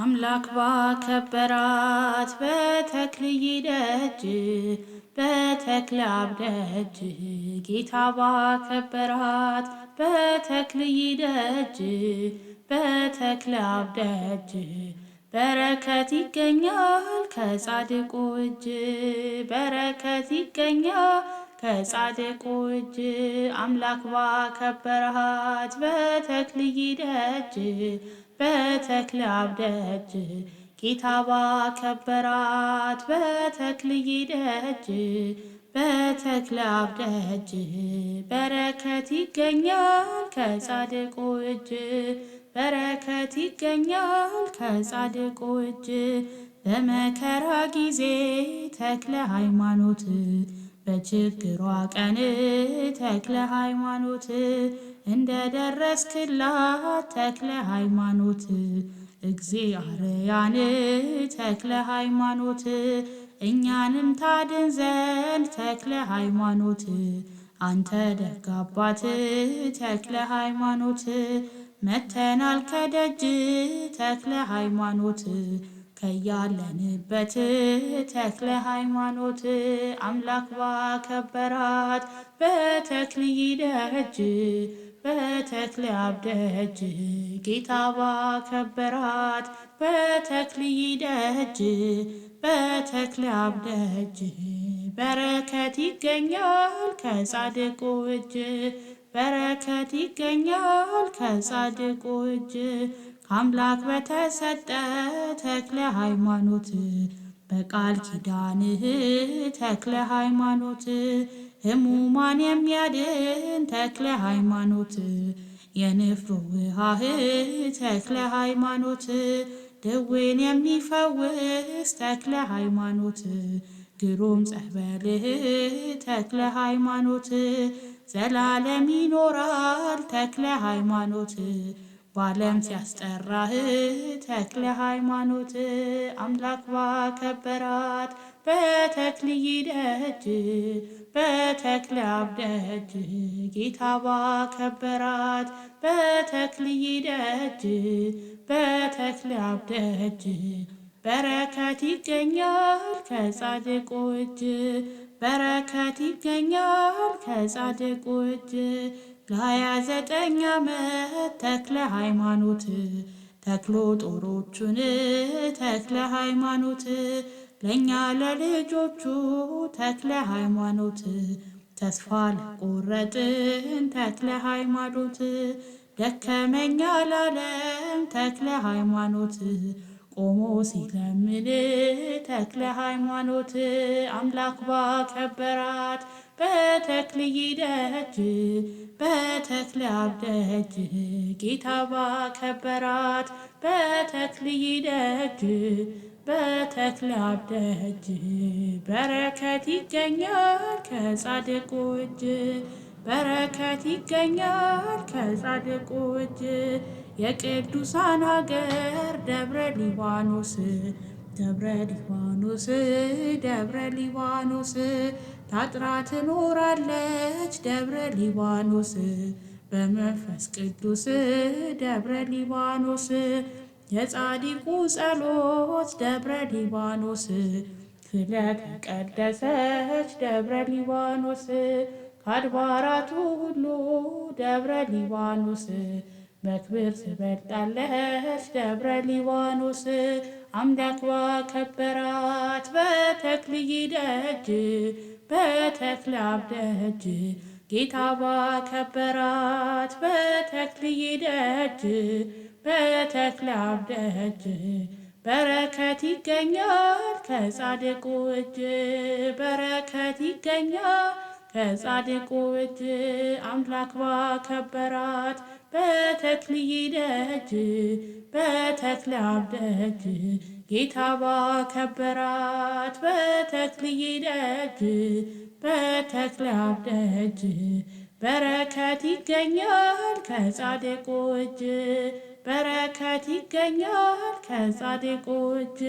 አምላክ ባከበራት በተክልዬ ደጅ በተክለ አብደጅ ጌታ ባከበራት በተክልዬ ደጅ በተክል አብደጅ በረከት ይገኛል ከጻድቁ እጅ በረከት ይገኛል ከጻድቁ እጅ አምላክ ባከበረሃት በተክልይ ደጅ በተክለ አብ ደጅ ጌታ ባከበራት በተክልይ ደጅ በተክለ አብ በረከት ይገኛል ከጻድቁ እጅ በረከት ይገኛል ከጻድቁ እጅ በመከራ ጊዜ ተክለ ሃይማኖት በችግሯ ቀን ተክለ ሃይማኖት እንደ ደረስክላት ተክለ ሃይማኖት እግዚአርያን ተክለ ሃይማኖት እኛንም ታድን ዘንድ ተክለ ሃይማኖት አንተ ደግ አባት ተክለ ሃይማኖት መተናል ከደጅ ተክለ ሃይማኖት ከያለንበት ተክለ ሃይማኖት አምላክ ባከበራት በተክልይ ደጅ በተክለ አብ ደጅ ጌታ ባከበራት በተክልይ ደጅ በተክለ አብ በረከት ይገኛል ከጻድቁ እጅ በረከት ይገኛል ከጻድቁ እጅ አምላክ በተሰጠ ተክለ ሃይማኖት በቃል ኪዳንህ ተክለ ሃይማኖት ህሙማን የሚያድን ተክለ ሃይማኖት የንፍሮ ውሃህ ተክለ ሃይማኖት ደዌን የሚፈውስ ተክለ ሃይማኖት ግሩም ጸበልህ ተክለ ሃይማኖት ዘላለም ይኖራል ተክለ ሃይማኖት በዓለም ሲያስጠራህ ተክለ ሃይማኖት አምላክ ባከበራት በተክልይ ደጅ በተክለ አብደጅ ጌታ ባከበራት በተክልይ ደጅ በተክለ አብደጅ በረከት ይገኛል ከጻድቁ እጅ በረከት ይገኛል ከጻድቁ እጅ ለሀያ ዘጠኝ ዓመት ተክለ ሃይማኖት ተክሎ ጦሮቹን ተክለ ሃይማኖት ለእኛ ለልጆቹ ተክለ ሃይማኖት ተስፋ ለቆረጥን ተክለ ሃይማኖት ደከመኛ ላለም ተክለ ሃይማኖት ቆሞ ሲለምን ተክለ ሃይማኖት አምላክ ባከበራት በተክልዬ ደጅ በተክል አብደጅ ጌታ ባከበራት በተክልዬ ደጅ በተክል አብደጅ በረከት ይገኛል ከጻድቁ እጅ በረከት ይገኛል ከጻድቁ እጅ የቅዱሳን ሀገር ደብረ ሊባኖስ ደብረ ሊባኖስ ደብረ ሊባኖስ ታጥራ ትኖራለች ደብረ ሊባኖስ በመንፈስ ቅዱስ ደብረ ሊባኖስ የጻድቁ ጸሎት ደብረ ሊባኖስ ስለተቀደሰች ደብረ ሊባኖስ ከአድባራቱ ሁሉ ደብረ ሊባኖስ በክብር ትበልጣለች ደብረ ሊባኖስ አምላክ ከበራት በተክልይ ደጅ በተክለ አብደጅ ደጅ ከበራት ባከበራት በተክልይ ደጅ በተክለ አብደጅ በረከት ይገኛል ከጻድቁ እጅ በረከት ይገኛል ከጻድቁ እጅ አምላክ ባከበራት በተክልዬ ደጅ በተክለ አብ ጌታ ባከበራት በተክልዬ ደጅ በተክለ አብ ደጅ በረከት ይገኛል ከጻድቁ እጅ በረከት ይገኛል ከጻድቁ እጅ